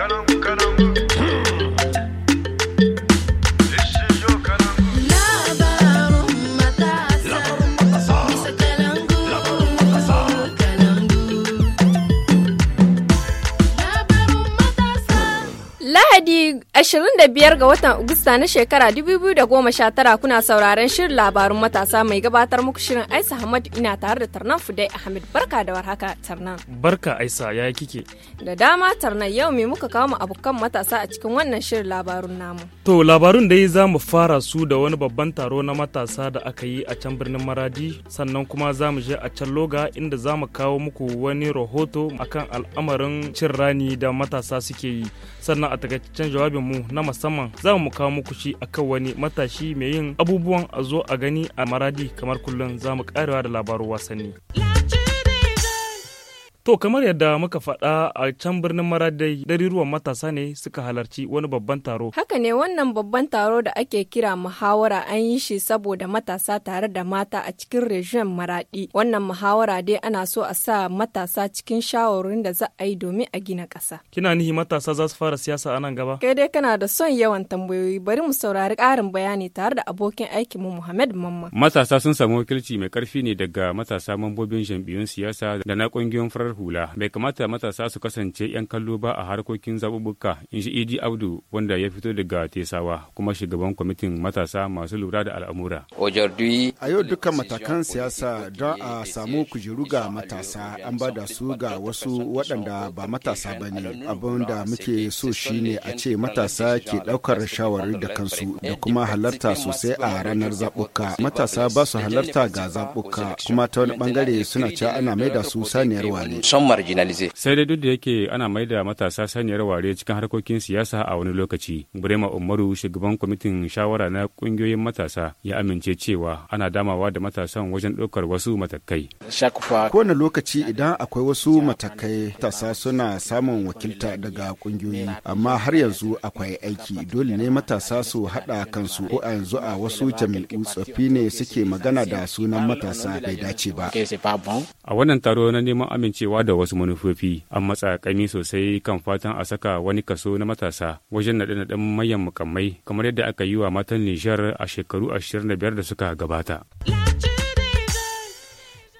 Caramba, caramba. Lahadi 25 ga watan Agusta na shekara 2019 kuna sauraron shirin labarun matasa mai gabatar muku shirin Aisa Ahmad ina tare da Tarnan Fudai Ahmed barka da warhaka Tarnan. Barka Aisa ya kike? Da dama Tarnan yau me muka kawo mu abokan matasa a cikin wannan shirin labarun namu. To labarun dai za mu fara su da wani babban taro na matasa da aka yi a can birnin Maradi sannan kuma za mu je a can Loga inda za mu kawo muku wani rahoto akan al'amarin cin rani da matasa suke yi sannan a can jawabin mu na musamman za mu kawo muku shi akan wani matashi mai yin abubuwan a zo a gani a maradi kamar kullum za mu karewa da labarin wasanni. To kamar yadda muka faɗa a can birnin Maradai ɗariruwan matasa ne suka halarci wani babban taro. Haka ne wannan babban taro da ake kira muhawara an yi shi saboda matasa tare da mata a cikin rejim Maradi. Wannan muhawara dai ana so a sa matasa cikin shawarin da za a yi domin a gina ƙasa. Kina nihi matasa za su fara siyasa a nan gaba? Kai dai kana da son yawan tambayoyi bari mu saurari ƙarin bayani tare da abokin aikinmu Muhammad Mamman. Matasa sun samu wakilci mai ƙarfi ne daga matasa mambobin jam'iyyun siyasa da na ƙungiyoyin farar farar hula bai kamata matasa su kasance 'yan kallo ba a harkokin zaɓuɓɓuka in shi idi abdu wanda ya fito daga tesawa kuma shugaban kwamitin matasa masu lura da al'amura a yau dukkan matakan siyasa don a samu kujeru ga matasa an ba da su ga wasu waɗanda ba matasa ba ne abin da muke so ne a ce matasa ke ɗaukar shawarar da kansu da kuma halarta sosai a ranar zaɓuka matasa ba su halarta ga zabuka kuma ta wani ɓangare suna cewa ana mai da su saniyar wane son marginalize. Sai dai duk da yake ana mai da matasa saniyar ware cikin harkokin siyasa a wani lokaci. Burema Umaru shugaban kwamitin shawara na kungiyoyin matasa ya amince cewa ana damawa da matasan wajen ɗaukar wasu matakai. Kowane lokaci idan akwai wasu matakai matasa suna samun wakilta daga kungiyoyi amma har yanzu akwai aiki dole ne matasa su haɗa kansu ko a yanzu a wasu jami'u tsoffi ne suke magana da sunan matasa bai dace ba. A wannan taro na neman amincewa amincewa da wasu manufofi an matsa kami sosai kan fatan a saka wani kaso na matasa wajen naɗe-naɗen manyan mukammai kamar yadda aka yi wa matan nishar a shekaru 25 da suka gabata.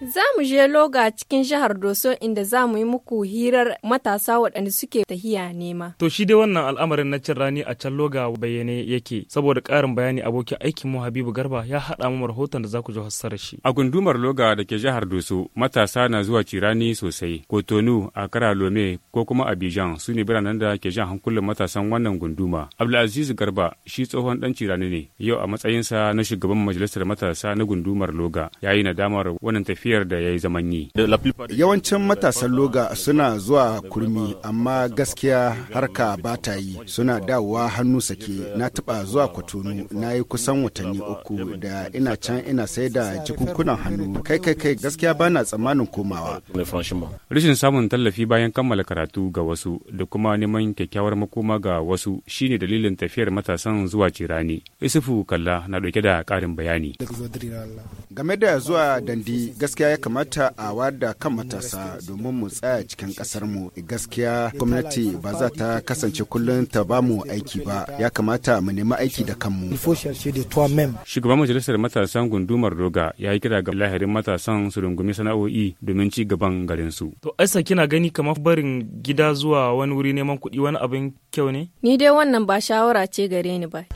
Za mu je Loga cikin jihar Doso inda za mu yi muku hirar matasa waɗanda suke tahiya nema. To shi dai wannan al'amarin na cin rani a can Loga bayyane yake saboda ƙarin bayani abokin aikin mu Habibu Garba ya haɗa mu rahoton da za ku ji hassara shi. A gundumar Loga da ke jihar Doso matasa na zuwa cirani sosai. Kotonu, Akara Lome ko kuma Abidjan su ne biranen da ke jan hankulan matasan wannan gunduma. Abdulaziz Garba shi tsohon ɗan cirani ne yau a matsayinsa na shugaban majalisar matasa na gundumar Loga ya yi nadamar wannan tafiya tafiyar da ya yi zaman yi. Yawancin matasan loga suna zuwa kurmi amma gaskiya harka ba ta yi suna dawowa hannu sake na taɓa zuwa kwatonu na yi kusan watanni uku da ina can ina sai da jikunkunan hannu kai kai kai gaskiya ba na tsammanin komawa. Rashin samun tallafi bayan kammala karatu ga wasu da kuma neman kyakkyawar makoma ga wasu shine dalilin tafiyar matasan zuwa cirani. Isufu Kalla na ɗauke da ƙarin bayani. Game da zuwa dandi gaskiya gaskiya ya kamata a wada kan matasa domin mu tsaya cikin kasar mu eh, gaskiya gwamnati ba za ta kasance kullum ta ba mu aiki ba ya kamata mu nemi aiki da kanmu shugaban majalisar matasan gundumar roga ya yi kira ga lahirin matasan su rungumi sana'o'i domin ci gaban garin su to aisa kina gani kamar barin gida zuwa wani wuri neman kuɗi wani abin kyau ne ni dai wannan ba shawara ce gare ni ba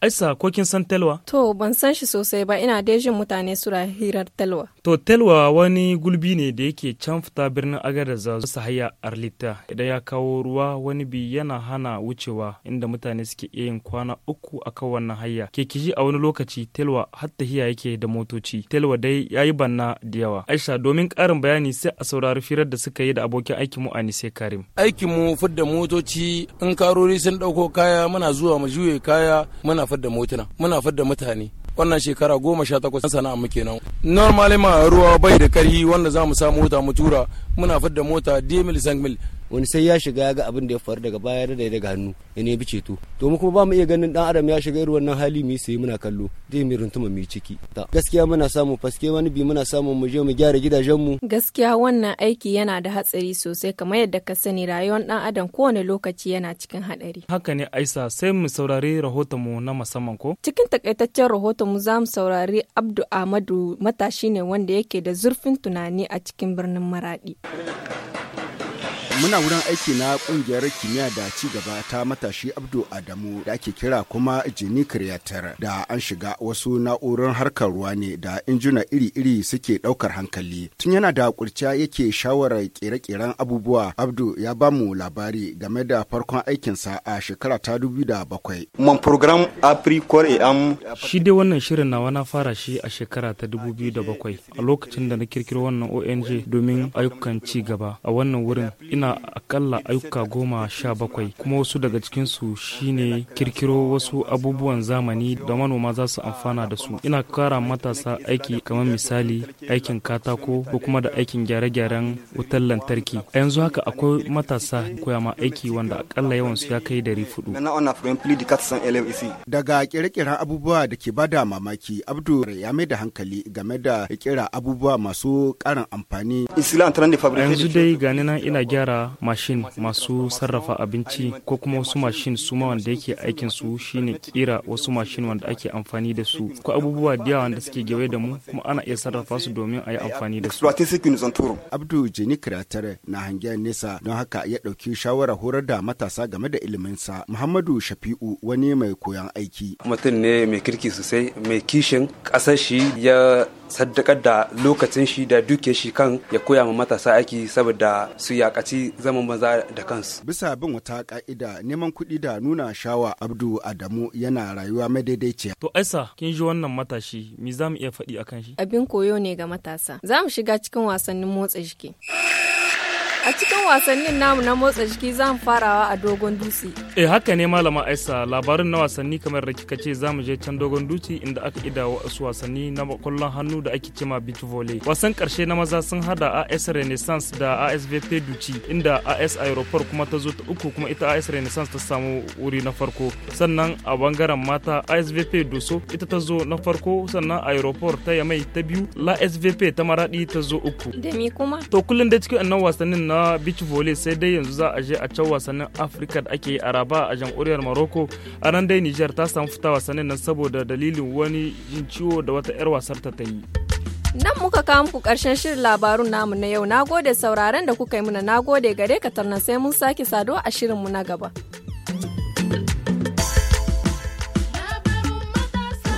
Aisa ko kin san telwa? To ban san shi sosai ba ina dai jin mutane sura hirar telwa. To telwa wani gulbi ne da yake can fita birnin za su haya Arlita idan ya kawo ruwa wani bi yana hana wucewa inda mutane suke iya yin kwana uku a kan wannan ke kiji a wani lokaci telwa har hiya yake da motoci. Telwa dai yayi banna da yawa. Aisha domin karin bayani sai a saurari firar da suka yi da abokin aikin mu Anise Karim. Aikin mu fidda motoci in karori sun dauko kaya muna zuwa mu juye kaya muna muna fadda motuna muna fadda mutane wannan shekara goma sha takwas na sana'a muke nan normally ma ruwa bai da karhi wanda za mu samu mota mu tura muna fadda mota dimil sangmil wani sai ya shiga ya ga abin da ya faru daga baya da daga hannu ya nemi ceto to mu kuma ba mu iya ganin dan adam ya shiga irin wannan hali mu sai muna kallo zai mu runtuma mu ciki ta gaskiya muna samu faske wani bi muna samu mu je mu gyara gidajen mu gaskiya wannan aiki yana da hatsari sosai kamar yadda ka sani rayuwar dan adam kowane lokaci yana cikin hadari haka ne aisa sai mu saurari rahoton mu na musamman ko cikin takaitaccen rahoton mu za mu saurari abdu ahmadu matashi ne wanda yake da zurfin tunani a cikin birnin maradi muna wurin aiki na kungiyar kimiyya da ci gaba ta matashi abdu adamu da ake kira kuma jini creator da an shiga wasu na'urar harkar ruwa ne da injuna iri-iri suke daukar hankali tun yana da kurciya yake shawarar kere-keren abubuwa abdu ya ba mu labari game da farkon aikinsa a shekara ta bakwai. man program apricor am shi dai wannan shirin nawa na fara shi a shekara ta bakwai a lokacin da na kirkiro wannan ong domin ayyukan ci gaba a wannan wurin ina suna akalla ayyuka goma sha bakwai kuma wasu daga cikinsu shine kirkiro wasu abubuwan zamani da manoma za su amfana da su ina kara matasa aiki kamar misali aikin katako ko kuma da aikin gyare-gyaren wutar lantarki a yanzu haka akwai matasa koya ma aiki wanda akalla yawansu ya kai dari fudu daga kirkira abubuwa da ke bada mamaki abdu ya mai da hankali game da kira abubuwa masu karin amfani yanzu dai ganina ina gyara mashin masu sarrafa abinci ko kuma wasu mashin suma ma wanda yake aikin su shine kira wasu mashin wanda ake amfani da su ko abubuwa da wanda suke gewe da mu kuma ana iya sarrafa su domin a yi amfani da su abdu jini kiratar na hangen nesa don haka ya ɗauki shawara horar da matasa game da ilimin sa muhammadu shafi'u wani mai koyan aiki mutum ne mai kirki sosai mai kishin kasashi shi ya saddakar da lokacin shi da duke shi kan ya koya ma matasa aiki saboda su yakaci zaman banza da kansu. Bisa bin wata ka'ida neman kuɗi da nuna shawa Abdu Adamu yana rayuwa madaidaiciya. To Aisa kin ji wannan matashi me za mu iya faɗi akan shi? Abin koyo ne ga matasa. Za mu shiga cikin wasannin motsa jiki. A cikin wasannin namu na motsa jiki za mu farawa a dogon dutse. e haka ne malama Aisa labarin na wasanni kamar da kika ce za mu je can dogon dutse inda aka ida wasu wasanni na kwallon hannu da ake cema beach volley. Wasan karshe na maza sun hada AS Renaissance da ASVP Duchi inda AS Aeroport kuma ta zo ta uku kuma ita AS Renaissance ta samu wuri na farko. Sannan a bangaren mata ASVP Doso ita ta zo na farko sannan Aeroport ta Yamai ta biyu la SVP ta Maradi ta zo uku. Da me kuma? To kullun da cikin wannan wasannin na na beach volley sai dai yanzu za a je a can wasannin afirka da ake yi a raba a jamhuriyar morocco a nan dai niger ta samu fita wasannin nan saboda dalilin wani jin ciwo da wata 'yar wasar ta yi nan muka kawo muku karshen shirin labarun namu na yau na gode sauraron da kuka yi muna gode gare ka tarnan sai mun sake saduwa a shirin mu na gaba